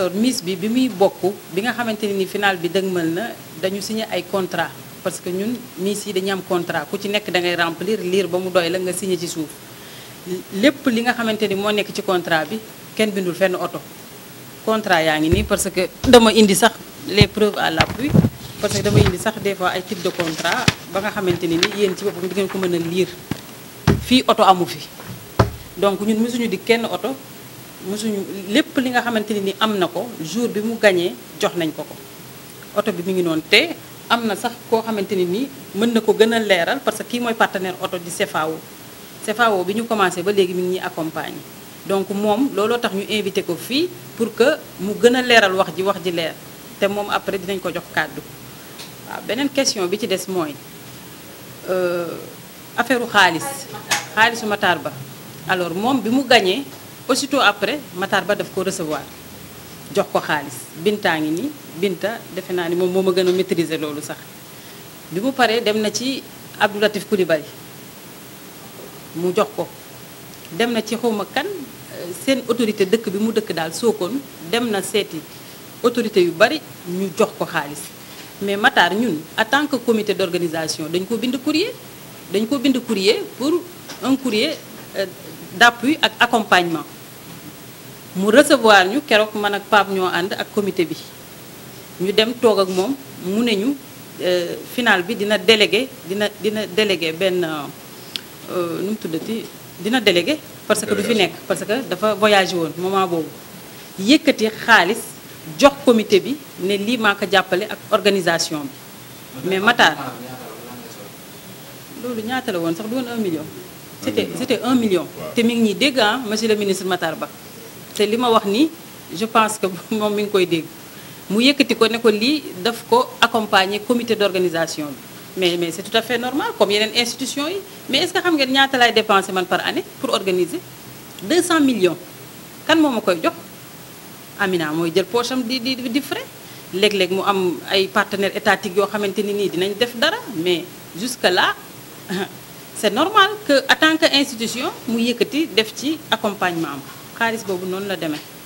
alors Miss bi bi muy bokku bi nga xamanteni ni final bi deugmal na dañu signé ay contrat parce que ñun Miss yi dañu am contrat ku ci nek da ngay remplir lire ba mu doy la nga signé ci souf lepp li nga xamanteni mo nek ci contrat bi ken bindul fenn auto, contrat yang ni parce que dama indi sax les preuves à l'appui parce que dama indi sax des fois ay type de contrat ba nga xamanteni ni yeen ci bopum di ngeen ko amufi, dong lire fi auto amu fi donc ñun mësuñu di kenn auto. mosuñu lépp li nga xamante nii am na ko jour bi mu gañee jox nañ ko ko oto bi mu ngi noonu te am na sax koo xamante ni nii mën na ko gën a leeral parce que kii mooy partenaire oto di CFAO CFAO bi ñu commencé ba léegi mu ngi ñuy accompagner donc moom looloo tax ñu invité ko fii pour que mu gën a leeral wax ji wax ji leer te moom après dinañ ko jox kàddu waaw beneen question bi ci des mooy euh, affaireu xaalis xaalisu Matar Ba alors moom bi mu gañee aussitôt après Matar Ba daf ko recevoir jox ko xaalis Bintaa ngi Binta defe naa ni moom moo a maîtriser lolu sax bimu paré dem na ci Abdou Latif Coulibaly mu jox ko dem na ci xawma kan sen autorité dëkk bi mu dëkk dal Sokone dem na seeti autorité yu bari ñu jox ko xaalis mais Matar ñun en tant que comité d'organisation dañ ko bind courrier dañ ko bind courrier pour un courrier euh, d'appui ak accompagnement mu recevoir ñu keroog man ak Pape ñoo ànd ak comité bi ñu dem toog ak moom mu ne ñu euh, final bi dina délégué dina dina délégué benn euh, nu mu tuddati dina délégué parce que du fi nekk parce que dafa voyagé woon moment boobu yëkkati xaalis jox comité bi ne lii maa ko jàppale ak organisation bi mais Matar loolu ñaata la woon sax du woon 1 million. c'était c'était 1 million. te mi ngi ñuy dégg ah monsieur le ministre Matar Ba. C'est li ma wax ni je pense que moom mi ngi koy dégg mu yëkkati ko ne ko daf ko accompagner comité d'organisation mais mais c'est tout à fait normal comme une institution mais est-ce que xam ngeen ñaata lay dépenser man par année pour organiser 200 millions kan moo ma koy jox Amina mooy jël poche am di di di frais léeg-léeg mu am ay partenaires étatiques yoo xamante ni nii dinañ def dara mais jusqu'à là c'est normal que en tant que institution mu yëkkati def ci accompagnement am xaalis boobu noonu la demee